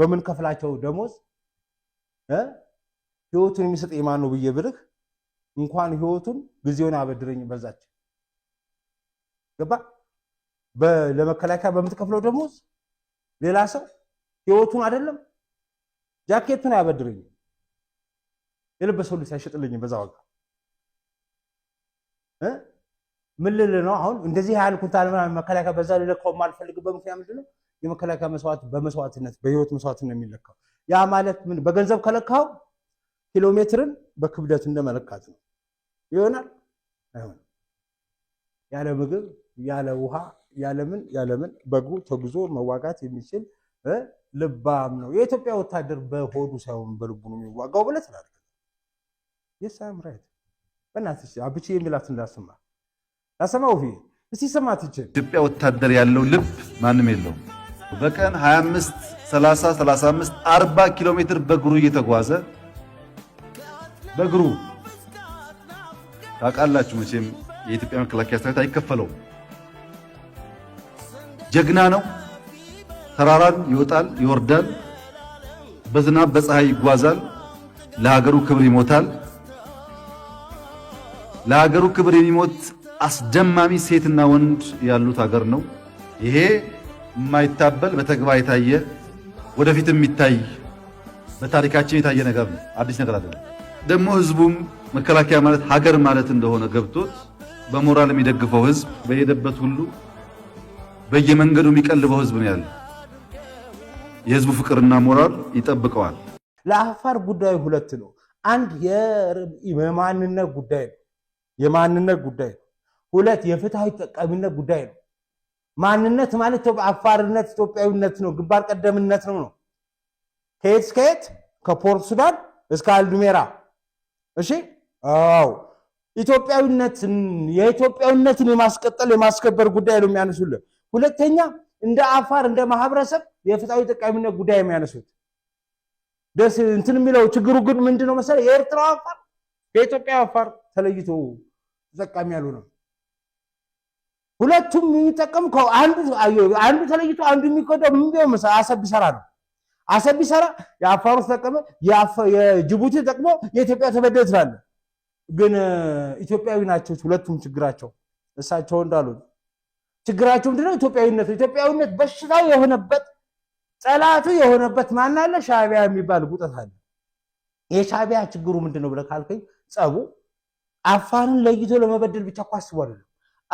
በምንከፍላቸው ደሞዝ ህይወቱን የሚሰጥ የማን ነው ብዬ ብልህ እንኳን ህይወቱን ጊዜውን አበድረኝ በዛች ገባ ለመከላከያ በምትከፍለው ደሞዝ ሌላ ሰው ህይወቱን አይደለም ጃኬቱን አያበድረኝም የለበሰው ልብስ አይሸጥልኝም በዛ ዋጋ ምን ልል ነው አሁን እንደዚህ ያህል ያልኩት መከላከያ በዛ ልለካው የማልፈልግበት ምክንያት ምንድን ነው? የመከላከያ መስዋዕት በመስዋዕትነት በህይወት መስዋዕትነት የሚለካው ያ ማለት ምን በገንዘብ ከለካው ኪሎ ሜትርን በክብደት እንደመለካት ነው ይሆናል። አይሆን ያለ ምግብ ያለ ውሃ ያለምን ያለምን በጉ ተጉዞ መዋጋት የሚችል ልባም ነው። የኢትዮጵያ ወታደር በሆዱ ሳይሆን በልቡ ነው የሚዋጋው ብለህ ትላለህ። የሳምራይት በእናትህ አብቼ የሚላት እንዳስማ ያሰማው ፊ እስቲ ሰማት ይችል ኢትዮጵያ ወታደር ያለው ልብ ማንም የለውም። በቀን 25 30 35 40 ኪሎ ሜትር በእግሩ እየተጓዘ በእግሩ ታውቃላችሁ መቼም የኢትዮጵያ መከላከያ ሰራዊት አይከፈለውም። ጀግና ነው። ተራራን ይወጣል ይወርዳል። በዝናብ በፀሐይ ይጓዛል። ለሀገሩ ክብር ይሞታል። ለሀገሩ ክብር የሚሞት አስደማሚ ሴትና ወንድ ያሉት ሀገር ነው። ይሄ የማይታበል በተግባር የታየ ወደፊት የሚታይ በታሪካችን የታየ ነገር ነው። አዲስ ነገር አይደለም። ደግሞ ህዝቡም መከላከያ ማለት ሀገር ማለት እንደሆነ ገብቶት በሞራል የሚደግፈው ህዝብ በሄደበት ሁሉ በየመንገዱ የሚቀልበው ህዝብ ነው ያለ። የህዝቡ ፍቅርና ሞራል ይጠብቀዋል። ለአፋር ጉዳይ ሁለት ነው። አንድ የማንነት ጉዳይ ነው። የማንነት ጉዳይ ነው። ሁለት የፍትሃዊ ተጠቃሚነት ጉዳይ ነው። ማንነት ማለት አፋርነት ኢትዮጵያዊነት ነው፣ ግንባር ቀደምነት ነው ነው ከየት እስከ የት ከፖርት ሱዳን እስከ አልዱሜራ። እሺ አዎ ኢትዮጵያዊነትን የኢትዮጵያዊነትን የማስቀጠል የማስከበር ጉዳይ ነው የሚያነሱልን። ሁለተኛ እንደ አፋር እንደ ማህበረሰብ የፍትሃዊ ተጠቃሚነት ጉዳይ የሚያነሱት ደስ እንትን የሚለው ችግሩ ግን ምንድነው መሰለ የኤርትራ አፋር በኢትዮጵያ አፋር ተለይቶ ተጠቃሚ ያሉ ነው። ሁለቱም የሚጠቀም አንዱ ተለይቶ አንዱ የሚጎዳው ምን አሰብ ቢሰራ ነው። አሰብ ቢሰራ የአፋሩ ተጠቀመ፣ የጅቡቲ ተጠቅሞ የኢትዮጵያ ተበደለ ትላለህ። ግን ኢትዮጵያዊ ናቸው ሁለቱም ችግራቸው። እሳቸው እንዳሉ ችግራቸው ምንድነው? ኢትዮጵያዊነት። ኢትዮጵያዊነት በሽታው የሆነበት ጠላቱ የሆነበት ማን አለ? ሻዕቢያ የሚባል ጉጠት አለ። የሻቢያ ችግሩ ምንድነው ብለህ ካልከኝ፣ ጸቡ አፋርን ለይቶ ለመበደል ብቻ እኮ አስቧል።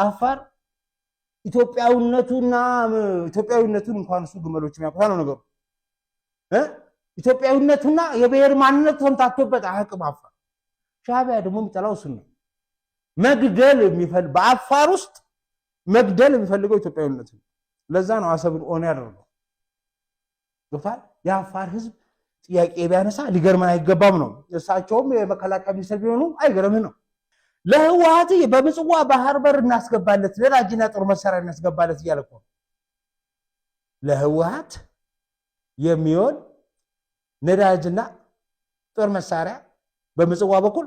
አፋር ኢትዮጵያዊነቱና ኢትዮጵያዊነቱን እንኳን እሱ ግመሎች የሚያውቁታ ነው ነገሩ። ኢትዮጵያዊነቱና የብሔር ማንነቱ ተምታቶበት አያውቅም አፋር። ሻዕቢያ ደግሞ የሚጠላው እሱን ነው። መግደል በአፋር ውስጥ መግደል የሚፈልገው ኢትዮጵያዊነት ነው። ለዛ ነው አሰብን ኦን ያደርገው ዶክተር የአፋር ህዝብ ጥያቄ ቢያነሳ ሊገርመን አይገባም ነው። እሳቸውም የመከላከያ ሚኒስትር ቢሆኑ አይገርምህ ነው። ለህወሀት በምጽዋ ባህር በር እናስገባለት ነዳጅና ጦር መሳሪያ እናስገባለት እያለ እኮ የሚሆን ነዳጅና ጦር መሳሪያ በምጽዋ በኩል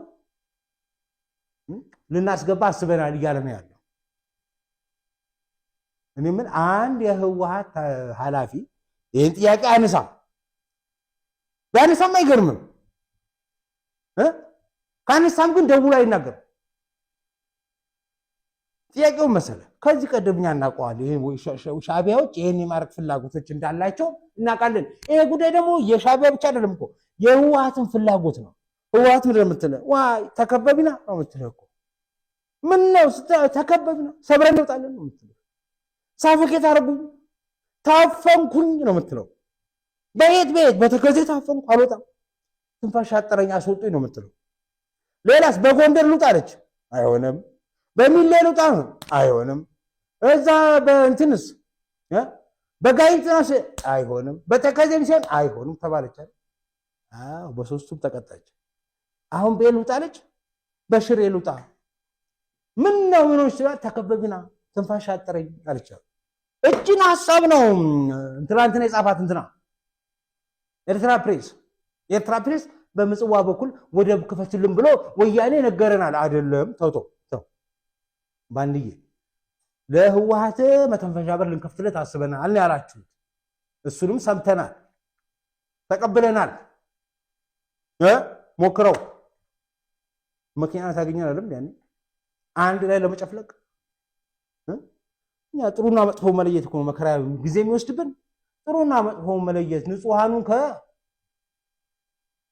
ልናስገባ አስበናል እያለ ነው ያለው። እኔ ምን አንድ የህወሀት ኃላፊ ይህን ጥያቄ አያነሳም። ቢያነሳም አይገርምም። ከአነሳም ግን ደውሎ አይናገርም። ጥያቄውን መሰለ ከዚህ ቀደም እኛ እናውቀዋለን። ሻቢያዎች ይህን የማድረግ ፍላጎቶች እንዳላቸው እናውቃለን። ይሄ ጉዳይ ደግሞ የሻቢያ ብቻ አይደለም እኮ የህወሀትን ፍላጎት ነው። ህወሀት ምድ ምትለ ተከበቢና ነው ምትለ እኮ ምን ነው ተከበቢና ሰብረን እንወጣለን ነው ምትለ ሳፎኬት አርጉ ታፈንኩኝ ነው ምትለው። በየት በየት በተከዜ ታፈንኩ አልወጣም፣ ትንፋሽ አጠረኝ፣ አስወጡኝ ነው ምትለው። ሌላስ በጎንደር ልውጣለች አይሆነም በሚሊዮን ነው አይሆንም። እዛ በእንትንስ በጋይንትናስ አይሆንም። በተከዜም ሲሆን አይሆንም ተባለች። በሶስቱም ተቀጣች። አሁን ቤል ልጅ በሽሬ ልውጣ። ምን ነው ምን ይችላል? ተከበብና ትንፋሽ አጠረኝ አለች። እጅን ሀሳብ ነው ትናንትና የጻፋት እንትና ኤርትራ ፕሬስ ኤርትራ ፕሬስ በምጽዋ በኩል ወደብ ክፈትልን ብሎ ወያኔ ነገረናል። አይደለም ተውቶ ባንድዬ ለህወሓት መተንፈሻ በር ልንከፍትለት አስበናል ያላችሁት እሱንም ሰምተናል፣ ተቀብለናል። ሞክረው መኪና ታገኛላለም ያኔ አንድ ላይ ለመጨፍለቅ እኛ ጥሩና መጥፎ መለየት እኮ መከራ ጊዜ የሚወስድብን ጥሩና መጥፎ መለየት ከ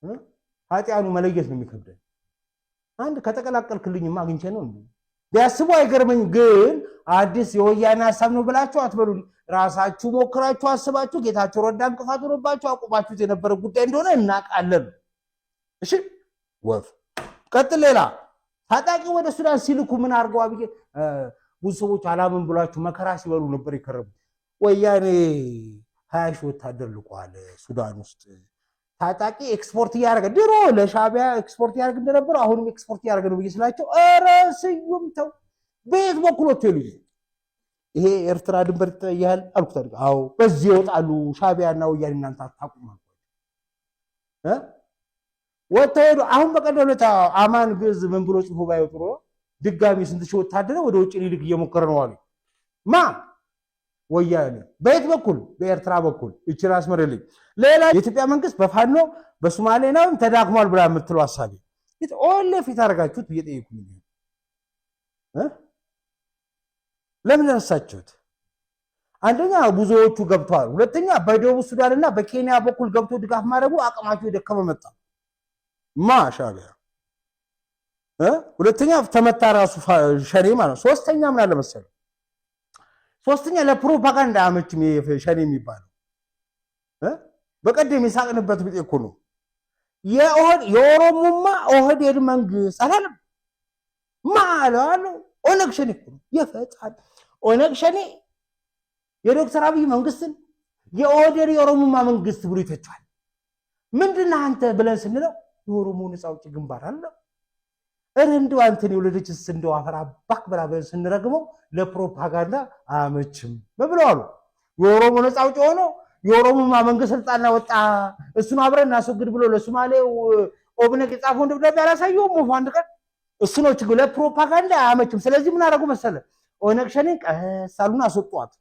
ከኃጢአኑ መለየት ነው የሚከብደን። አንድ ከተቀላቀልክልኝማ አግኝቼ ነው ቢያስቡ አይገርመኝ። ግን አዲስ የወያኔ ሀሳብ ነው ብላችሁ አትበሉን። ራሳችሁ ሞክራችሁ አስባችሁ ጌታቸው ረዳ እንቅፋት ሆኖባችሁ አቁማችሁት የነበረ ጉዳይ እንደሆነ እናውቃለን። እሺ ወፍ ቀጥል። ሌላ ታጣቂ ወደ ሱዳን ሲልኩ ምን አድርገው አብዬ ብዙ ሰዎች አላምን ብሏችሁ መከራ ሲበሉ ነበር የከረሙ። ወያኔ ሀያ ሺህ ወታደር ልቋል ሱዳን ውስጥ ታጣቂ ኤክስፖርት እያደረገ ድሮ ለሻቢያ ኤክስፖርት እያደረግ እንደነበረው አሁንም ኤክስፖርት እያደረገ ነው ብዬ ስላቸው፣ ኧረ ስዩም ተው፣ በየት በኩል ወጥቶ ይሉኝ ይሄ ኤርትራ ድንበር ይታያል አልኩት። አድ አዎ፣ በዚህ ይወጣሉ ሻቢያና ወያኔ፣ እናንተ አታቁም አልኩ። ወጥተው ሄዱ። አሁን በቀደም ዕለት አማን ግዕዝ ምን ብሎ ጽፎ ባይወጥሮ ድጋሚ ስንት ሺህ ወታደረ ወደ ውጭ ሊልክ እየሞከረ ነው አሉ ማ ወያኔ በየት በኩል በኤርትራ በኩል ይችን አስምርልኝ። ሌላ የኢትዮጵያ መንግስት በፋኖ በሶማሌ ነው ተዳክሟል ብላ የምትለው አሳቢ ኦል ፊት አደረጋችሁት ብዬ ለምን ረሳችሁት? አንደኛ ብዙዎቹ ገብተዋል። ሁለተኛ በደቡብ ሱዳን እና በኬንያ በኩል ገብቶ ድጋፍ ማድረጉ አቅማቸው የደከመ መጣ ማ ሁለተኛ ተመታ ራሱ ሸኔ ማለት ሶስተኛ ምን አለ መሰለህ ሶስተኛ ለፕሮፓጋንዳ አመችም ሸኔ የሚባለው በቀደም የሳቅንበት ብጤ እኮ ነው። የኦሮሞማ ኦህዴድ መንግስት አላለም ማለዋለው ኦነግ ሸኔ እኮ ነው የፈጣን ኦነግ ሸኔ የዶክተር አብይ መንግስትን የኦህዴድ የኦሮሞማ መንግስት ብሎ ይተቸዋል። ምንድን አንተ ብለን ስንለው የኦሮሞ ነፃ አውጪ ግንባር አለው እረ እንደው አንተን የወለደችስ እንደው አፈር አባክ ብላ ስንረግመው ለፕሮፓጋንዳ አያመችም ብለው አሉ። የኦሮሞ ነፃ አውጪ ሆኖ የኦሮሞማ መንግስት ስልጣና ወጣ፣ እሱን አብረን እናስወግድ ብሎ ለሶማሌ ኦብነግ የጻፈውን ደብዳቤ አላሳየውም። ሞፎ አንድ ቀን እሱ ነው ችግሩ። ለፕሮፓጋንዳ አያመችም። ስለዚህ ምን አደረጉ መሰለ ኦነግ ሸኔን ቀስ አሉና አስወጧት።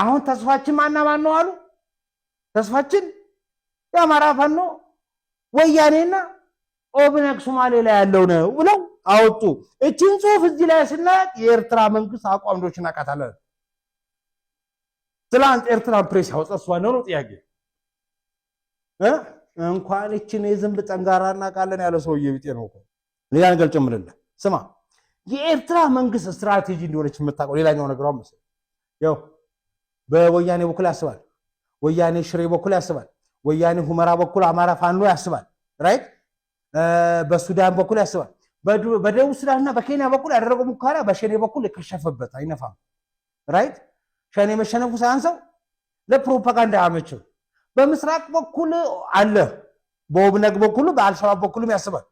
አሁን ተስፋችን ማና ማን ነው አሉ። ተስፋችን የአማራ ፋኖ ወያኔና ኦብነግ ሶማሌ ላይ ያለው ነው ብለው አወጡ። እችን ጽሁፍ እዚህ ላይ ስናያት የኤርትራ መንግስት አቋም ዶች እናቃታለን። ትላንት ፕሬስ ያወጣ እሷ ነው ጥያቄ እንኳን እችን የዝንብ ጠንጋራ እናቃለን ያለ ሰውዬ ቢጤ ነው። ሌላ ነገር ጭምርለ ስማ፣ የኤርትራ መንግስት ስትራቴጂ እንደሆነች የምታውቀው ሌላኛው ነገር መሰለኝ ያው በወያኔ በኩል ያስባል፣ ወያኔ ሽሬ በኩል ያስባል፣ ወያኔ ሁመራ በኩል አማራ ፋኖ ያስባል። ራይት በሱዳን በኩል ያስባል። በደቡብ ሱዳን እና በኬንያ በኩል ያደረገው ሙከራ በሸኔ በኩል የከሸፈበት አይነፋም። ራይት ሸኔ መሸነፉ ሳያንሰው ለፕሮፓጋንዳ አመቸው። በምስራቅ በኩል አለ። በኦብነግ በኩል በአልሸባብ በኩልም ያስባል።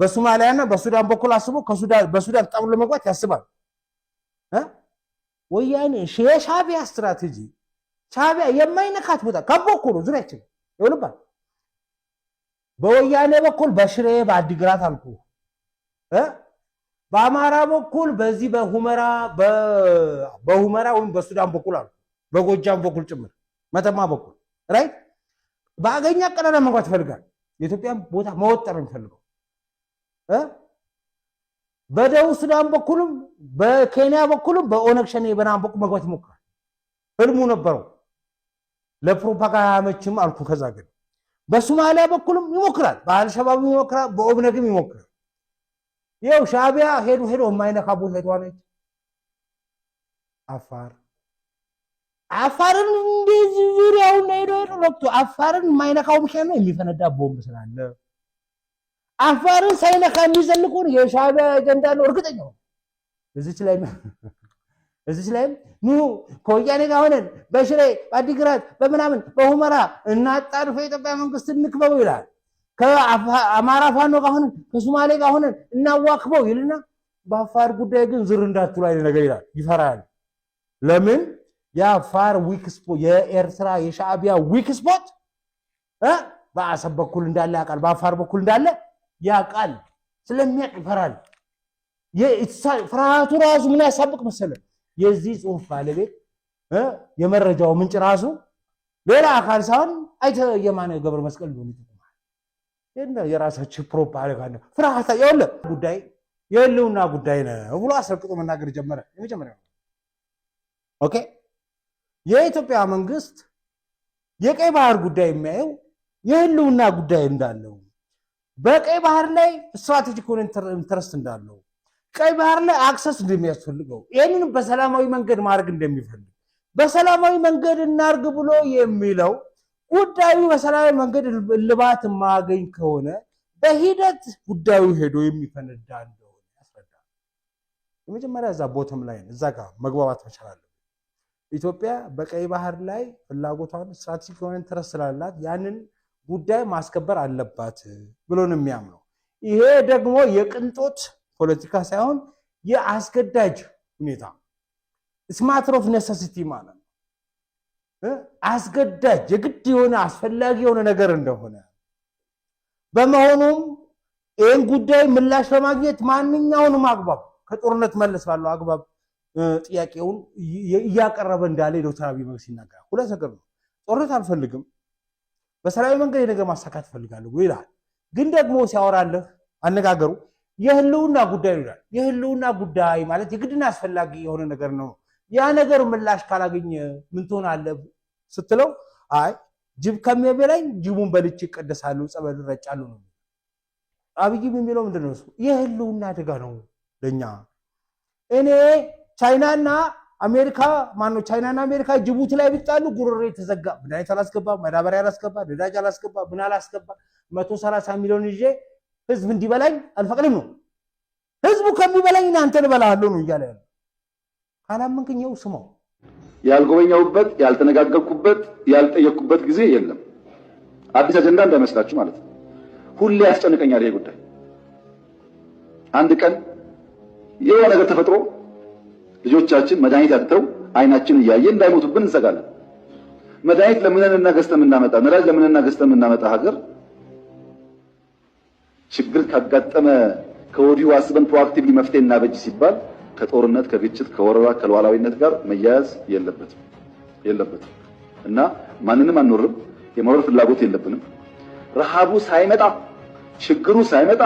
በሶማሊያና በሱዳን በኩል አስቦ በሱዳን ጣብሎ ለመግባት ያስባል። ወያኔ የሻቢያ ስትራቴጂ ሻቢያ የማይነካት ቦታ ከቦ እኮ ነው ዙሪያችን ይሆንባል በወያኔ በኩል በሽሬ በአዲግራት አልኩ፣ በአማራ በኩል በዚህ በሁመራ በሁመራ ወይም በሱዳን በኩል አልኩ፣ በጎጃም በኩል ጭምር መተማ በኩል ራይት በአገኛ ቀዳዳ መግባት ይፈልጋል። የኢትዮጵያን ቦታ መወጠር የሚፈልገው በደቡብ ሱዳን በኩልም በኬንያ በኩልም በኦነግ ሸኔ በናም በኩል መግባት ይሞክራል። ህልሙ ነበረው። ለፕሮፓጋንዳ አመችም አልኩ። ከዛ ግን በሶማሊያ በኩልም ይሞክራል፣ በአልሸባብ ይሞክራል፣ በኦብነግም ይሞክራል። ይኸው ሻቢያ ሄዱ ሄዶ የማይነካ ቦታ ሄዷነች አፋር አፋርን እንደዚህ ዙሪያውን ሄዶ ሄዶ ረግቶ አፋርን የማይነካው ምክንያት ነው የሚፈነዳ ቦምብ ስላለ አፋርን ሳይነካ የሚዘልቁን የሻቢያ አጀንዳ ነው። እርግጠኛ ነው እዚች ላይ እዚች ላይም ኑ ከወያኔ ጋር ሆነን በሽሬ በአዲግራት በምናምን በሁመራ እናጣድፎ የኢትዮጵያ መንግስት እንክበው ይላል። ከአማራ ፋኖ ጋር ሆነን ከሱማሌ ጋር ሆነን እናዋክበው ይልና በአፋር ጉዳይ ግን ዝር እንዳትሉ አይነት ነገር ይላል። ይፈራል። ለምን የአፋር ዊክስፖ የኤርትራ የሻዕቢያ ዊክስፖት በአሰብ በኩል እንዳለ ያውቃል፣ በአፋር በኩል እንዳለ ያውቃል። ስለሚያቅ ይፈራል። ፍርሃቱ ራሱ ምን ያሳብቅ መሰለን የዚህ ጽሁፍ ባለቤት የመረጃው ምንጭ ራሱ ሌላ አካል ሳይሆን አይተ የማነ ገብረ መስቀል ሊሆን ይችላል። የራሳችሁ ፕሮፓጋንዳ ፍርሃታ የለ ጉዳይ የህልውና ጉዳይ ነው ብሎ አስረግጦ መናገር ጀመረ። የመጀመሪያ ኦኬ፣ የኢትዮጵያ መንግስት የቀይ ባህር ጉዳይ የሚያየው የህልውና ጉዳይ እንዳለው በቀይ ባህር ላይ ስትራቴጂክ ኢንተረስት እንዳለው ቀይ ባህር ላይ አክሰስ እንደሚያስፈልገው ይህንንም በሰላማዊ መንገድ ማድረግ እንደሚፈልግ በሰላማዊ መንገድ እናርግ ብሎ የሚለው ጉዳዩ በሰላማዊ መንገድ ልባት የማያገኝ ከሆነ በሂደት ጉዳዩ ሄዶ የሚፈነዳ እንደሆነ ያስረዳል። የመጀመሪያ እዛ ቦተም ላይ እዛ ጋር መግባባት መቻላለ። ኢትዮጵያ በቀይ ባህር ላይ ፍላጎቷን ስትራቴጂክ የሆነ ኢንተረስት ስላላት ያንን ጉዳይ ማስከበር አለባት ብሎ ነው የሚያምነው። ይሄ ደግሞ የቅንጦት ፖለቲካ ሳይሆን የአስገዳጅ ሁኔታ ስማትር ኦፍ ኔሰሲቲ ማለት ነው። አስገዳጅ የግድ የሆነ አስፈላጊ የሆነ ነገር እንደሆነ በመሆኑም ይህን ጉዳይ ምላሽ ለማግኘት ማንኛውንም አግባብ ከጦርነት መለስ ባለው አግባብ ጥያቄውን እያቀረበ እንዳለ የዶክተር አብይ መንግስት ይናገራል። ሁለት ነገር ነው። ጦርነት አልፈልግም፣ በሰላማዊ መንገድ የነገር ማሳካት እፈልጋለሁ ይላል። ግን ደግሞ ሲያወራለህ አነጋገሩ የህልውና ጉዳይ ይላል። የህልውና ጉዳይ ማለት የግድና አስፈላጊ የሆነ ነገር ነው። ያ ነገር ምላሽ ካላገኘ ምን ትሆናለህ ስትለው አይ ጅብ ከሚበላኝ ጅቡን በልቼ ይቀደሳሉ፣ ጸበል ረጫሉ ነው። አብይ የሚለው ምንድን ነው? እሱ የህልውና አደጋ ነው ለእኛ። እኔ ቻይናና አሜሪካ ማነው ቻይናና አሜሪካ ጅቡቲ ላይ ቢጣሉ ጉሮሬ ተዘጋ። መድኃኒት አላስገባ፣ መዳበሪያ አላስገባ፣ ነዳጅ አላስገባ፣ ምን አላስገባ፣ መቶ ሰላሳ ሚሊዮን ይዤ ህዝብ እንዲበላኝ አልፈቅድም ነው። ህዝቡ ከሚበላኝ አንተን እበላለሁ ነው እያለ ያለ። ካላመንክኝ ስማው። ያልጎበኛውበት ያልተነጋገርኩበት፣ ያልጠየቅኩበት ጊዜ የለም። አዲስ አጀንዳ እንዳይመስላችሁ ማለት ነው። ሁሌ ያስጨንቀኛል ይሄ ጉዳይ። አንድ ቀን የሆነ ነገር ተፈጥሮ ልጆቻችን መድኃኒት አጥተው አይናችን እያየ እንዳይሞቱብን እንሰጋለን። መድኃኒት ለምንና ገዝተን የምናመጣ ነዳጅ ለምንና ገዝተን የምናመጣ ሀገር ችግር ካጋጠመ ከወዲሁ አስበን ፕሮአክቲቭሊ መፍትሄ እናበጅ ሲባል ከጦርነት ከግጭት ከወረራ ከሉዓላዊነት ጋር መያያዝ የለበትም የለበትም እና ማንንም አንኖርም። የመኖር ፍላጎት የለብንም። ረሃቡ ሳይመጣ ችግሩ ሳይመጣ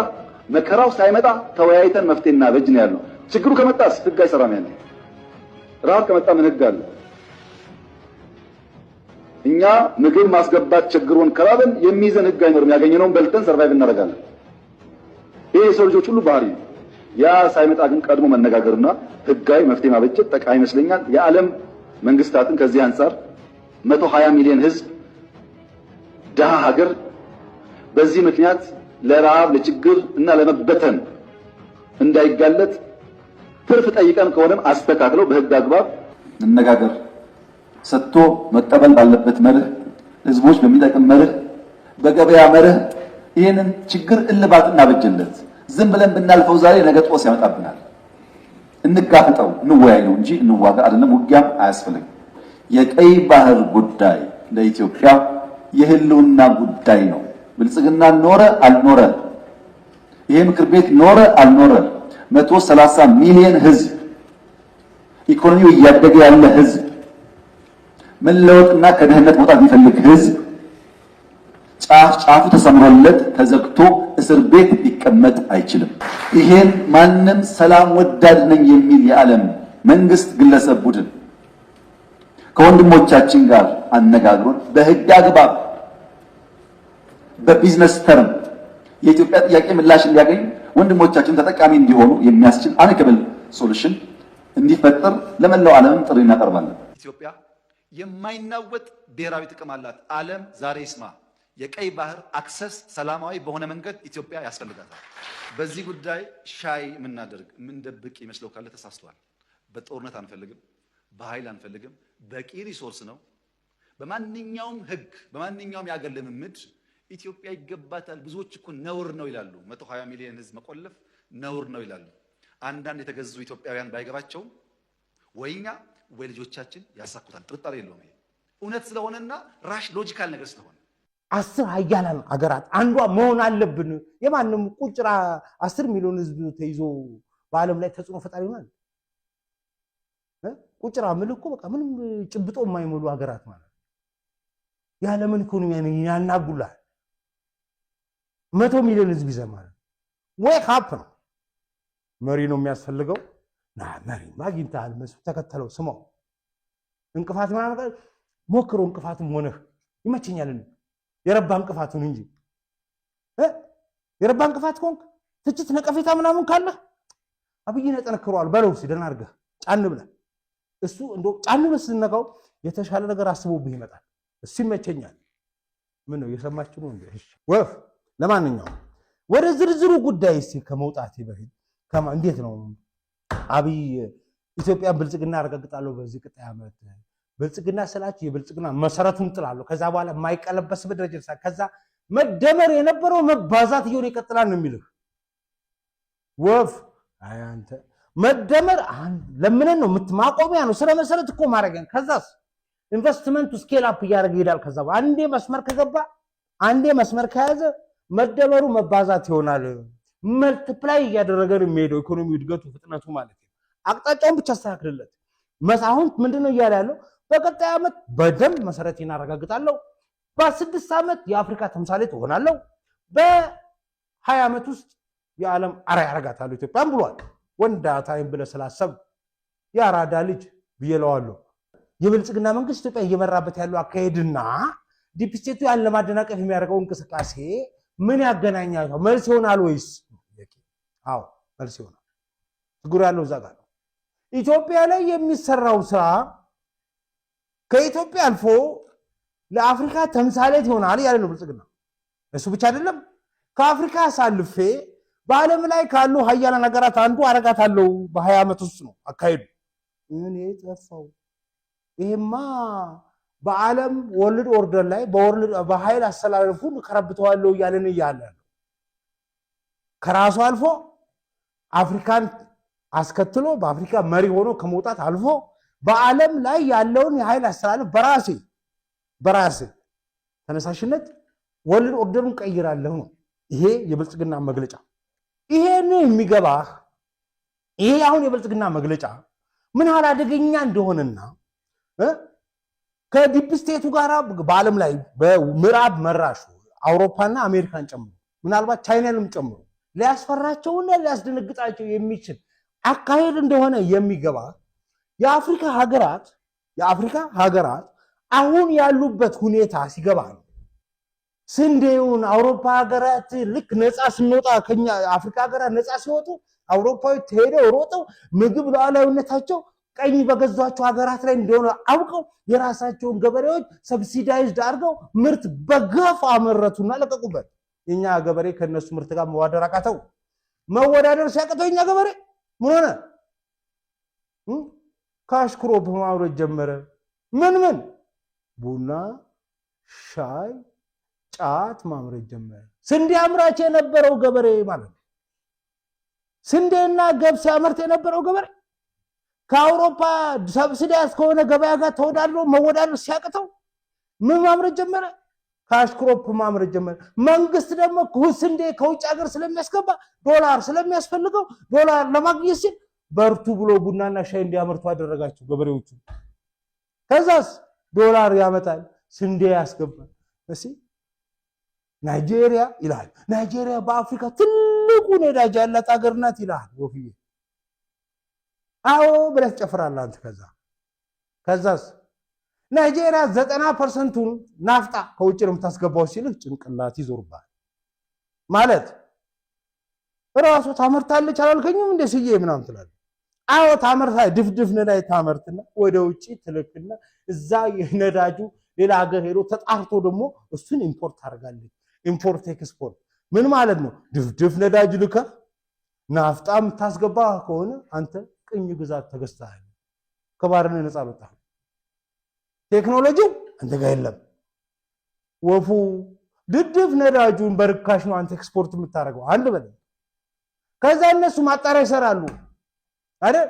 መከራው ሳይመጣ ተወያይተን መፍትሄ እናበጅ ነው ያለው። ችግሩ ከመጣስ ህግ አይሰራም ያለ ረሃብ ከመጣ ምን ህግ አለ? እኛ ምግብ ማስገባት ችግሩን ከራብን የሚይዘን ህግ አይኖርም። ያገኘነውን በልተን ሰርቫይቭ እናደርጋለን። ይሄ የሰው ልጆች ሁሉ ባህሪ ነው። ያ ሳይመጣ ግን ቀድሞ መነጋገርና ህጋዊ መፍትሄ ማበጀት ጠቃሚ ይመስለኛል። የዓለም መንግስታትን ከዚህ አንጻር 120 ሚሊዮን ህዝብ ድሃ ሀገር በዚህ ምክንያት ለረሃብ ለችግር እና ለመበተን እንዳይጋለጥ ትርፍ ጠይቀን ከሆነም አስተካክለው በህግ አግባብ መነጋገር ሰጥቶ መቀበል ባለበት መርህ፣ ህዝቦች በሚጠቅም መርህ፣ በገበያ መርህ ይህንን ችግር እልባት እናበጀለት። ዝም ብለን ብናልፈው ዛሬ ነገ ጦስ ያመጣብናል። እንጋፍጠው እንወያየው ነው እንጂ እንዋጋ አይደለም። ውጊያም አያስፈልግም። የቀይ ባህር ጉዳይ ለኢትዮጵያ የህልውና ጉዳይ ነው። ብልጽግና ኖረ አልኖረ፣ ይሄ ምክር ቤት ኖረ አልኖረ፣ መቶ ሰላሳ ሚሊዮን ህዝብ፣ ኢኮኖሚው እያደገ ያለ ህዝብ፣ መለወጥና ከድህነት መውጣት የሚፈልግ ህዝብ ጫፍ ጫፉ ተሰምሮለት ተዘግቶ እስር ቤት ሊቀመጥ አይችልም። ይሄን ማንም ሰላም ወዳድ ነኝ የሚል የዓለም መንግስት፣ ግለሰብ፣ ቡድን ከወንድሞቻችን ጋር አነጋግሮን በህግ አግባብ በቢዝነስ ተርም የኢትዮጵያ ጥያቄ ምላሽ እንዲያገኝ ወንድሞቻችን ተጠቃሚ እንዲሆኑ የሚያስችል አንክብል ሶሉሽን እንዲፈጠር ለመላው ዓለም ጥሪ እናቀርባለን። ኢትዮጵያ የማይናወጥ ብሔራዊ ጥቅም አላት። ዓለም ዛሬ ይስማ። የቀይ ባህር አክሰስ ሰላማዊ በሆነ መንገድ ኢትዮጵያ ያስፈልጋታል። በዚህ ጉዳይ ሻይ የምናደርግ የምንደብቅ ይመስለው ካለ ተሳስቷል። በጦርነት አንፈልግም፣ በኃይል አንፈልግም። በቂ ሪሶርስ ነው። በማንኛውም ህግ በማንኛውም የአገር ልምምድ ኢትዮጵያ ይገባታል። ብዙዎች እኮ ነውር ነው ይላሉ። 120 ሚሊዮን ህዝብ መቆለፍ ነውር ነው ይላሉ። አንዳንድ የተገዙ ኢትዮጵያውያን ባይገባቸውም ወይኛ ወይ ልጆቻችን ያሳኩታል። ጥርጣሬ የለውም። ይሄ እውነት ስለሆነና ራሽ ሎጂካል ነገር ስለሆነ አስር ሀያላን አገራት አንዷ መሆን አለብን። የማንም ቁጭራ አስር ሚሊዮን ህዝብ ተይዞ በዓለም ላይ ተጽዕኖ ፈጣሪ ሆናል። ቁጭራ ምል እኮ በቃ ምንም ጭብጦ የማይሞሉ ሀገራት ማለት ነው። የዓለምን ኢኮኖሚ ያናጉላል። መቶ ሚሊዮን ህዝብ ይዘ ማለት ወይ ካፕ ነው። መሪ ነው የሚያስፈልገው። ና መሪ አግኝተሃል፣ መስ ተከተለው፣ ስማው። እንቅፋት ምናምን እንቅፋትም ሆነህ ይመቸኛልን የረባ እንቅፋቱን እንጂ የረባ እንቅፋት ከሆንክ ትችት፣ ነቀፌታ ምናምን ካለ አብይን ያጠነክረዋል በለው። ሲደን አርገ ጫን ብለ እሱ እንደው ጫን ብለ ስትነካው የተሻለ ነገር አስቦብህ ይመጣል። እሱ ይመቸኛል። ምን ነው እየሰማችሁ ነው እንዴ? ወፍ ለማንኛውም ወደ ዝርዝሩ ጉዳይ እስቲ ከመውጣቴ በፊት እንዴት ነው አብይ ኢትዮጵያን ብልጽግና አረጋግጣለሁ በዚህ ቅጣይ ዓመት ብልጽግና ስላችሁ የብልጽግና መሰረቱን ጥላለሁ። ከዛ በኋላ የማይቀለበስበት ደረጃ ሳ ከዛ መደመር የነበረው መባዛት እየሆነ ይቀጥላል ነው የሚልህ ወፍ አንተ መደመር ለምንን ነው የምትማቆሚያ ነው ስለ መሰረት እኮ ማድረጊያ። ከዛስ ኢንቨስትመንቱ ስኬል አፕ እያደረገ ይሄዳል። ከዛ አንዴ መስመር ከገባ አንዴ መስመር ከያዘ መደመሩ መባዛት ይሆናል። መልቲፕላይ እያደረገ ነው የሚሄደው ኢኮኖሚ እድገቱ ፍጥነቱ ማለት ነው። አቅጣጫውን ብቻ አስተካክልለት። አሁን ምንድነው እያለ ያለው በቀጣይ ዓመት በደንብ መሰረቴን አረጋግጣለሁ። በስድስት ዓመት የአፍሪካ ተምሳሌት በ በሀያ ዓመት ውስጥ የዓለም አርአያ አረጋታለሁ ኢትዮጵያን ብሏል። ታይም ብለህ ስላሰብ የአራዳ ልጅ ብዬ የብልጽግና መንግስት ኢትዮጵያ እየመራበት ያለው አካሄድና ዲፕስቴቱ ያን ለማደናቀፍ የሚያደርገው እንቅስቃሴ ምን ያገናኛል? መልስ ይሆናል ወይስ? አዎ መልስ ይሆናል። ችግሩ ያለው እዛ ጋር ነው። ኢትዮጵያ ላይ የሚሰራው ስራ ከኢትዮጵያ አልፎ ለአፍሪካ ተምሳሌት ይሆናል ያለ ነው ብልጽግና። እሱ ብቻ አይደለም፣ ከአፍሪካ አሳልፌ በዓለም ላይ ካሉ ሀያላን ሀገራት አንዱ አረጋታለሁ በሀያ ዓመት ውስጥ ነው አካሄዱ። እኔ ጠፋው። ይሄማ በዓለም ወርልድ ኦርደር ላይ በኃይል አስተላለፉ ከረብተዋለሁ እያለን እያለ ከራሱ አልፎ አፍሪካን አስከትሎ በአፍሪካ መሪ ሆኖ ከመውጣት አልፎ በዓለም ላይ ያለውን የኃይል አስተላለፍ በራሴ በራሴ ተነሳሽነት ወልድ ኦርደሩን ቀይራለሁ ነው። ይሄ የብልጽግና መግለጫ። ይሄን የሚገባህ ይሄ አሁን የብልጽግና መግለጫ ምን ያህል አደገኛ እንደሆነና ስቴቱ ጋር በዓለም ላይ በምዕራብ መራሹ አውሮፓና አሜሪካን ጨምሮ ምናልባት ቻይናንም ጨምሮ ሊያስፈራቸውና ሊያስደነግጣቸው የሚችል አካሄድ እንደሆነ የሚገባ የአፍሪካ ሀገራት የአፍሪካ ሀገራት አሁን ያሉበት ሁኔታ ሲገባ ነው ስንዴውን አውሮፓ ሀገራት ልክ ነፃ ስንወጣ ከኛ አፍሪካ ሀገራት ነፃ ሲወጡ አውሮፓዊ ተሄደው ሮጠው ምግብ ሉዓላዊነታቸው ቀኝ በገዟቸው ሀገራት ላይ እንደሆነ አውቀው የራሳቸውን ገበሬዎች ሰብሲዳይዝድ አድርገው ምርት በገፍ አመረቱና ለቀቁበት። የኛ ገበሬ ከነሱ ምርት ጋር መዋደር አቃተው። መወዳደር ሲያቅተው የኛ ገበሬ ምን ሆነ? ካሽክሮፕ ማምረት ጀመረ። ምን ምን ቡና፣ ሻይ፣ ጫት ማምረት ጀመረ። ስንዴ አምራች የነበረው ገበሬ ማለት ነው። ስንዴና ገብስ ሲያመርት የነበረው ገበሬ ከአውሮፓ ሰብስዳ ከሆነ ገበያ ጋር ተወዳድሮ መወዳደር ሲያቅተው ምን ማምረት ጀመረ? ካሽክሮፕ ማምረት ጀመረ። መንግስት ደግሞ ስንዴ ከውጭ ሀገር ስለሚያስገባ ዶላር ስለሚያስፈልገው ዶላር ለማግኘት ሲል በርቱ ብሎ ቡናና ሻይ እንዲያመርቱ አደረጋቸው ገበሬዎቹ። ከዛስ ዶላር ያመጣል፣ ስንዴ ያስገባል። እሺ ናይጄሪያ ይላል። ናይጄሪያ በአፍሪካ ትልቁ ነዳጅ ያላት አገር ናት ይላል ወፍዬ። አዎ ብለህ ትጨፍራለህ አንተ። ከዛ ከዛስ ናይጄሪያ ዘጠና ፐርሰንቱን ናፍጣ ከውጭ ነው የምታስገባው ሲልህ ጭንቅላት ይዞርባል ማለት እራሷ ታመርታለች አላልከኝም እንደ ስዬ ምናምን ትላለህ። አዎ ታመርታ ድፍድፍ ላይ ታመርትና ወደ ውጭ ትልክና እዛ የነዳጁ ሌላ ሀገር ሄዶ ተጣርቶ ደግሞ እሱን ኢምፖርት ታደርጋለች። ኢምፖርት ኤክስፖርት ምን ማለት ነው? ድፍድፍ ነዳጅ ልከ ናፍጣ የምታስገባ ከሆነ አንተ ቅኝ ግዛት ተገዝተሃል። ከባርነት ነፃ ወጣ። ቴክኖሎጂ አንተ ጋር የለም። ወፉ ድፍድፍ ነዳጁን በርካሽ ነው አንተ ኤክስፖርት የምታደርገው። አንድ በለ ከዛ እነሱ ማጣሪያ ይሰራሉ። አይደል?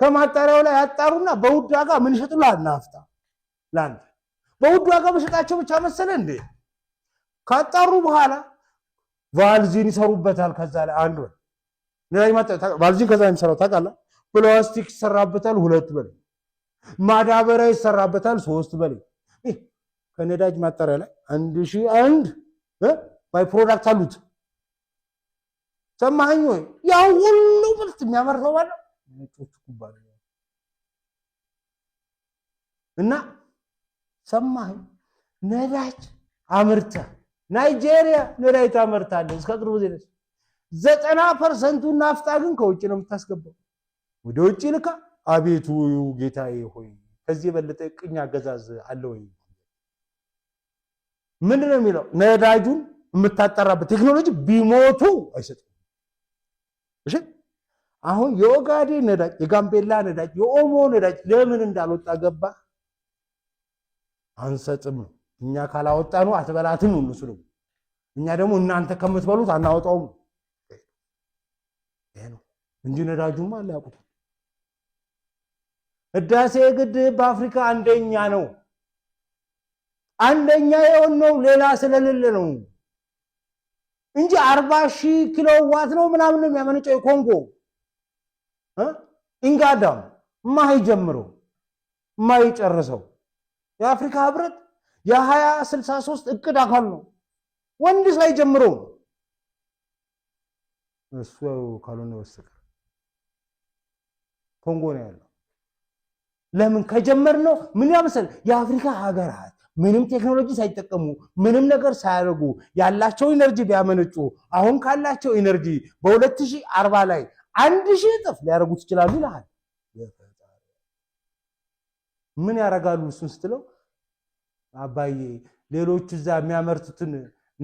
ከማጣሪያው ላይ ያጣሩና በውድ ዋጋ ምን ይሸጡልሃል? ናፍጣ ለአንተ በውድ ዋጋ መሸጣቸው ብቻ መሰለ እንዴ? ካጣሩ በኋላ ቫልዚን ይሰሩበታል። ከዛ ላይ አንድ ወር ቫልዚን ከዛ የሚሰራው ታውቃለህ። ፕላስቲክ ይሰራበታል፣ ሁለት በል ማዳበሪያ ይሰራበታል፣ ሶስት በል ከነዳጅ ማጣሪያ ላይ አንድ ሺ አንድ ባይ ፕሮዳክት አሉት። ሰማኸኝ ወይ? ያው ሁሉ ምርት የሚያመርተው ባለው ነጮቹ ኩባንያ እና ሰማህ ነዳጅ አምርታ ናይጄሪያ ነዳጅ ታመርታለህ። እስከ ቅርብ ጊዜ ዘጠና ፐርሰንቱ ናፍጣ ግን ከውጭ ነው የምታስገባው። ወደ ውጭ ልካ አቤቱ ጌታዬ ሆይ ከዚህ የበለጠ ቅኝ አገዛዝ አለ ወይ? ምንድን ነው የሚለው? ነዳጁን የምታጠራበት ቴክኖሎጂ ቢሞቱ አይሰጥም። እሺ አሁን የኦጋዴ ነዳጅ፣ የጋምቤላ ነዳጅ፣ የኦሞ ነዳጅ ለምን እንዳልወጣ ገባ? አንሰጥም እኛ ካላወጣ ነው አትበላትም እንስሉ እኛ ደግሞ እናንተ ከምትበሉት አናወጣውም እንጂ ነዳጁማ አለ ያውቁት። ህዳሴ ግድብ በአፍሪካ አንደኛ ነው። አንደኛ የሆነው ሌላ ስለሌለ ነው እንጂ አርባ ሺህ ኪሎዋት ነው ምናምን የሚያመነጨው የኮንጎ ኢንጋዳም ማይጀምሮ ማይጨርሰው የአፍሪካ ህብረት የ2063 እቅድ አካል ነው። ወንድ ሳይጀምሮ እሱ ካልሆነ በስተቀር ኮንጎ ነው ያለው። ለምን ከጀመር ነው ምን ያመሰል የአፍሪካ ሀገራት ምንም ቴክኖሎጂ ሳይጠቀሙ ምንም ነገር ሳያደርጉ ያላቸው ኢነርጂ ቢያመነጩ አሁን ካላቸው ኢነርጂ በ2040 ላይ አንድ ሺህ እጥፍ ሊያደርጉት ይችላሉ ይልሃል። ምን ያደርጋሉ እሱን ስትለው አባዬ ሌሎቹ እዛ የሚያመርቱትን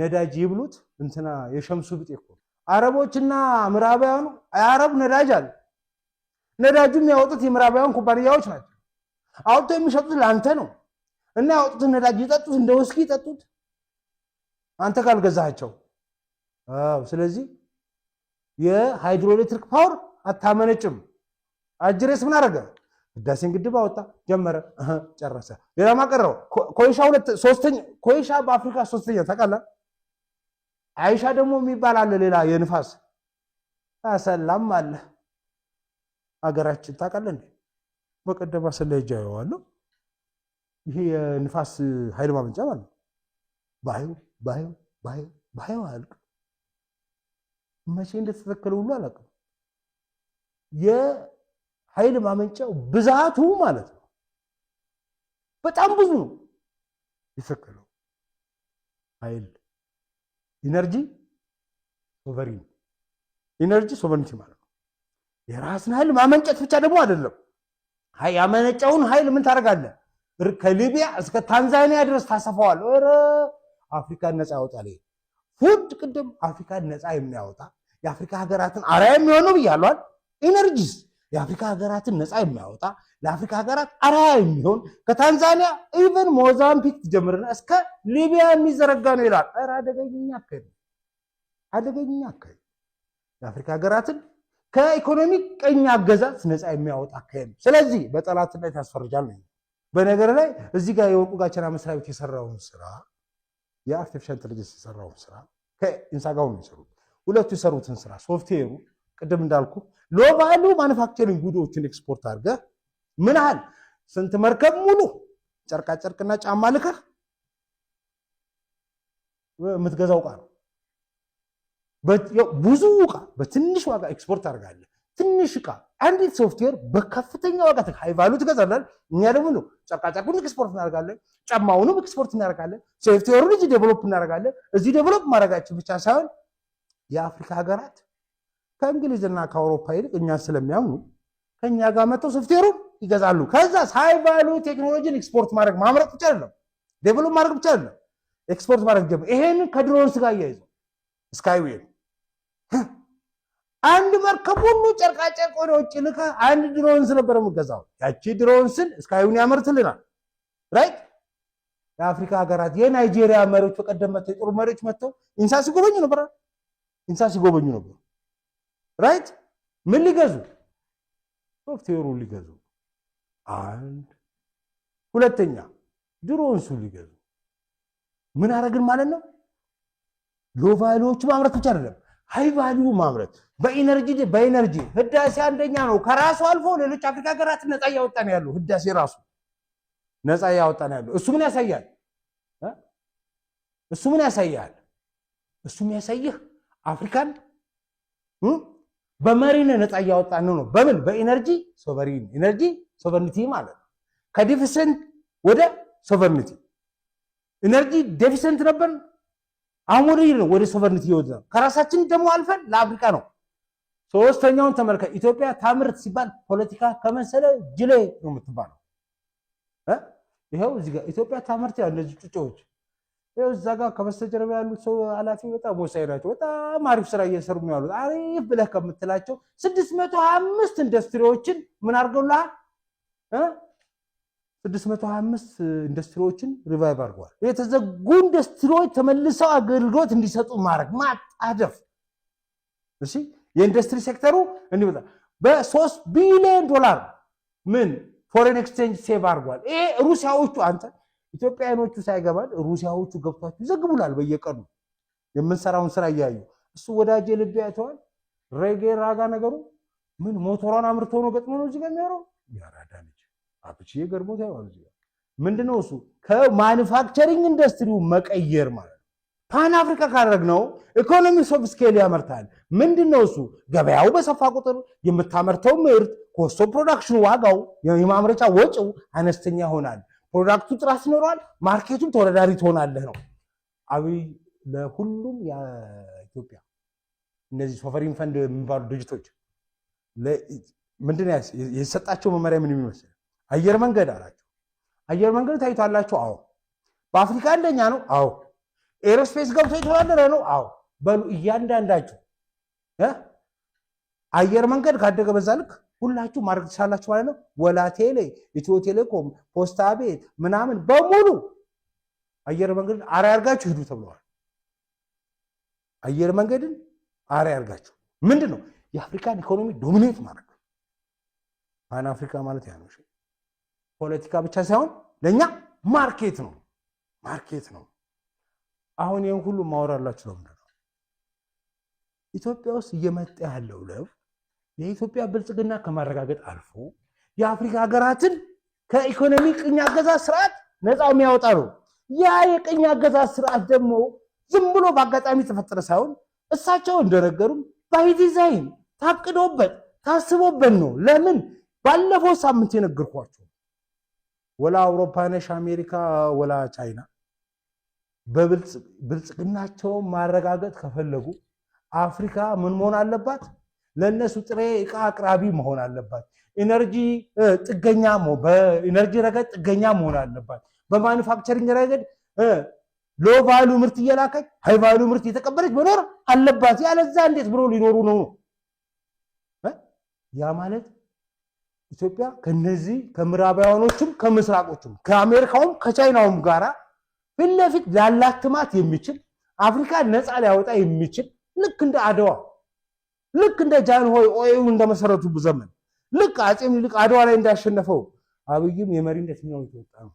ነዳጅ ይብሉት፣ እንትና የሸምሱ ብጤ እኮ አረቦችና ምዕራባውያኑ የአረብ ነዳጅ አለ። ነዳጁ የሚያወጡት የምዕራባውያን ኩባንያዎች ናቸው። አውጥቶ የሚሸጡት ለአንተ ነው። እና ያወጡትን ነዳጅ ይጠጡት፣ እንደ ውስኪ ይጠጡት፣ አንተ ካልገዛቸው። ስለዚህ የሃይድሮኤሌክትሪክ ፓወር አታመነጭም። አጅሬስ ምን አደረገ? ህዳሴን ግድብ አወጣ፣ ጀመረ፣ ጨረሰ። ሌላ ማቀረው ኮይሻ ሁለት ሶስተኛ ኮይሻ በአፍሪካ ሶስተኛ ታውቃለህ። አይሻ ደግሞ የሚባል አለ ሌላ የንፋስ አሰላም አለ አገራችን ታውቃለህ እንዴ? በቀደም አሰላ ይሄ የንፋስ ኃይል ማመንጫ ማለት ባ ባዩ ባዩ ባዩ ባዩ አልቅ መቼ እንደተተከለ ሁሉ አላውቅም። የኃይል ማመንጫው ብዛቱ ማለት ነው በጣም ብዙ ነው የተተከለው። ኃይል ኢነርጂ ሶቨሪን ኢነርጂ ሶቨሪንቲ ማለት ነው። የራስን ኃይል ማመንጨት ብቻ ደግሞ አይደለም። ያመነጨውን ኃይል ምን ታደርጋለህ? ከሊቢያ እስከ ታንዛኒያ ድረስ ታሰፋዋል። ኧረ አፍሪካን ነፃ ያወጣል። ፍርድ ቅድም አፍሪካን ነፃ የሚያወጣ የአፍሪካ ሀገራትን አርያ የሚሆኑ ብያሏል። ኢነርጂስ የአፍሪካ ሀገራትን ነፃ የሚያወጣ ለአፍሪካ ሀገራት አርያ የሚሆን ከታንዛኒያ ኢቨን ሞዛምቢክ ጀምርና እስከ ሊቢያ የሚዘረጋ ነው ይላል። ኧረ አደገኛ አካሄድ፣ አደገኛ አካሄድ የአፍሪካ ሀገራትን ከኢኮኖሚ ቀኝ አገዛዝ ነፃ የሚያወጣ አካሄድ። ስለዚህ በጠላትነት ያስፈርጃል ነው። በነገር ላይ እዚህ ጋር የወቁ ጋቸና መስሪያ ቤት የሰራውን ስራ የአርቲፊሻል ኢንተለጀንስ የሰራውን ስራ ከኢንሳ ጋር ነው የሚሰሩት። ሁለቱ የሰሩትን ስራ ሶፍትዌሩ ቅድም እንዳልኩ ሎባሉ ማኑፋክቸሪንግ ጉዶዎችን ኤክስፖርት አድርገ ምን ያህል ስንት መርከብ ሙሉ ጨርቃ ጨርቅና ጫማ ልከህ የምትገዛው እቃ ነው። ብዙ እቃ በትንሽ ዋጋ ኤክስፖርት አድርጋለህ። ትንሽ እቃ አንዲት ሶፍትዌር በከፍተኛ ዋጋ ሃይ ቫሉ ትገዛናል። እኛ ደግሞ ነው ጨቃጨቁን ኤክስፖርት እናደርጋለን፣ ጫማውንም ኤክስፖርት እናደርጋለን፣ ሶፍትዌሩን እዚህ ዴቨሎፕ እናደርጋለን። እዚህ ዴቨሎፕ ማድረጋችን ብቻ ሳይሆን የአፍሪካ ሀገራት ከእንግሊዝና ከአውሮፓ ይልቅ እኛን ስለሚያምኑ ከእኛ ጋር መጥተው ሶፍትዌሩን ይገዛሉ። ከዛ ሃይ ቫሉ ቴክኖሎጂን ኤክስፖርት ማድረግ ማምረጥ ብቻ አይደለም፣ ዴቨሎፕ ማድረግ ብቻ አይደለም፣ ኤክስፖርት ማድረግ ጀምር። ይሄንን ከድሮንስ ጋር እያይዘው ስካይዌይ አንድ መርከብ ሁሉ ጨርቃጨርቅ ወደ ውጭ ልካ አንድ ድሮንስ ነበር የምገዛው። ያቺ ድሮንስን እስካሁን ያመርትልናል። ራይት የአፍሪካ ሀገራት የናይጄሪያ መሪዎች በቀደም መጥተው የጦር መሪዎች መጥተው ኢንሳ ሲጎበኙ ነበር፣ ኢንሳ ሲጎበኙ ነበር። ራይት ምን ሊገዙ ሶፍትዌሩ ሊገዙ አንድ ሁለተኛ ድሮንሱ ሊገዙ ምን አረግን ማለት ነው። ሎቫሊዎቹ ማምረት ብቻ አይደለም፣ ሃይ ቫሊዩ ማምረት በኢነርጂ በኢነርጂ ህዳሴ አንደኛ ነው። ከራሱ አልፎ ሌሎች አፍሪካ ሀገራት ነፃ እያወጣ ነው ያሉ። ህዳሴ ራሱ ነፃ እያወጣ ነው ያሉ። እሱ ምን ያሳያል? እሱ ምን ያሳያል? እሱ የሚያሳይህ አፍሪካን በመሪነ ነፃ እያወጣን ነው። በምን በኢነርጂ ሶቨሪን ኢነርጂ ሶቨርኒቲ ማለት ነው። ከዲፊሰንት ወደ ሶቨርኒቲ ኢነርጂ ዴፊሰንት ነበር። አሁን ወደ ወደ ሶቨርኒቲ ይወጣ ከራሳችን ደግሞ አልፈን ለአፍሪካ ነው ሶስተኛውን ተመልከ ኢትዮጵያ ታምርት ሲባል ፖለቲካ ከመሰለ ጅሌ ነው የምትባለው። ይኸው እዚህ ጋር ኢትዮጵያ ታምርት ያለ እነዚህ ጩጮዎች ይኸው እዛ ጋር ከበስተጀርባ ያሉት ሰው ኃላፊ በጣም ወሳኝ ናቸው። በጣም አሪፍ ስራ እየሰሩ ነው ያሉት። አሪፍ ብለህ ከምትላቸው ስድስት መቶ አምስት ኢንዱስትሪዎችን ምን አድርገውልሃል? ስድስት መቶ አምስት ኢንዱስትሪዎችን ሪቫይቭ አድርገዋል። የተዘጉ ኢንዱስትሪዎች ተመልሰው አገልግሎት እንዲሰጡ ማድረግ ማጣደፍ እሺ የኢንዱስትሪ ሴክተሩ እንዲመጣ በሶስት ቢሊዮን ዶላር ምን ፎሬን ኤክስቼንጅ ሴቭ አድርጓል። ይሄ ሩሲያዎቹ አንተ ኢትዮጵያኖቹ ሳይገባል ሩሲያዎቹ ገብቷቸው ይዘግቡላል። በየቀኑ የምንሰራውን ስራ እያዩ እሱ ወዳጅ ልብ ያይተዋል። ሬጌ ራጋ ነገሩ ምን ሞቶሯን አምርቶ ነው ገጥሞ ነው እዚጋ የሚያረው ያራዳ ልጅ አብችዬ ገርሞ ታይዋል። ምንድነው እሱ ከማኒፋክቸሪንግ ኢንዱስትሪው መቀየር ማለት ፓን አፍሪካ ካደረግነው ኢኮኖሚስ ኦፍ ስኬል ያመርታል። ምንድን ነው እሱ? ገበያው በሰፋ ቁጥር የምታመርተው ምርት ኮስቶ ፕሮዳክሽን፣ ዋጋው የማምረቻ ወጪው አነስተኛ ይሆናል። ፕሮዳክቱ ጥራት ይኖረዋል። ማርኬቱም ተወዳዳሪ ትሆናለህ ነው አብይ ለሁሉም የኢትዮጵያ እነዚህ ሶቨሪን ፈንድ የሚባሉ ድርጅቶች ምንድን የተሰጣቸው መመሪያ ምን የሚመስል አየር መንገድ አላቸው። አየር መንገድ ታይቷላቸው? አዎ። በአፍሪካ አንደኛ ነው? አዎ ኤሮስፔስ ገብቶ የተወዳደረ ነው። አዎ በሉ እያንዳንዳችሁ አየር መንገድ ካደገ በዛ ልክ ሁላችሁ ማድረግ ትችላላችሁ ማለት ነው። ወላ ቴሌ ኢትዮ ቴሌኮም፣ ፖስታ ቤት ምናምን በሙሉ አየር መንገድን አሪ አድርጋችሁ ሂዱ ተብለዋል። አየር መንገድን አሪ አድርጋችሁ ምንድን ነው የአፍሪካን ኢኮኖሚ ዶሚኔት ማድረግ ፓን አፍሪካ ማለት ያ ነው። ፖለቲካ ብቻ ሳይሆን ለእኛ ማርኬት ነው፣ ማርኬት ነው። አሁን ይህን ሁሉ ማወራላችሁ ለምንድን ነው? ኢትዮጵያ ውስጥ እየመጣ ያለው ለውጥ የኢትዮጵያ ብልጽግና ከማረጋገጥ አልፎ የአፍሪካ ሀገራትን ከኢኮኖሚ ቅኝ አገዛዝ ስርዓት ነፃ የሚያወጣ ነው። ያ የቅኝ አገዛዝ ስርዓት ደግሞ ዝም ብሎ በአጋጣሚ የተፈጠረ ሳይሆን እሳቸው እንደነገሩም ባይ ዲዛይን ታቅዶበት ታስቦበት ነው። ለምን ባለፈው ሳምንት የነገርኳቸው ወላ አውሮፓ ነሽ አሜሪካ ወላ ቻይና ብልጽግናቸውን ማረጋገጥ ከፈለጉ አፍሪካ ምን መሆን አለባት? ለእነሱ ጥሬ እቃ አቅራቢ መሆን አለባት። ኢነርጂ ጥገኛ በኢነርጂ ረገድ ጥገኛ መሆን አለባት። በማኑፋክቸሪንግ ረገድ ሎ ቫሉ ምርት እየላከች ሃይ ቫሉ ምርት እየተቀበለች መኖር አለባት። ያለዛ እንዴት ብሎ ሊኖሩ ነው? ያ ማለት ኢትዮጵያ ከነዚህ ከምዕራባውያኖቹም ከምስራቆቹም ከአሜሪካውም ከቻይናውም ጋራ ፊት ለፊት ላላክማት የሚችል አፍሪካን ነፃ ሊያወጣ የሚችል ልክ እንደ አድዋ ልክ እንደ ጃንሆይ ኦዩ እንደመሰረቱ ዘመን ልክ አፄ ምኒልክ አድዋ ላይ እንዳሸነፈው አብይም የመሪነት ሚናውን የተወጣ ነው።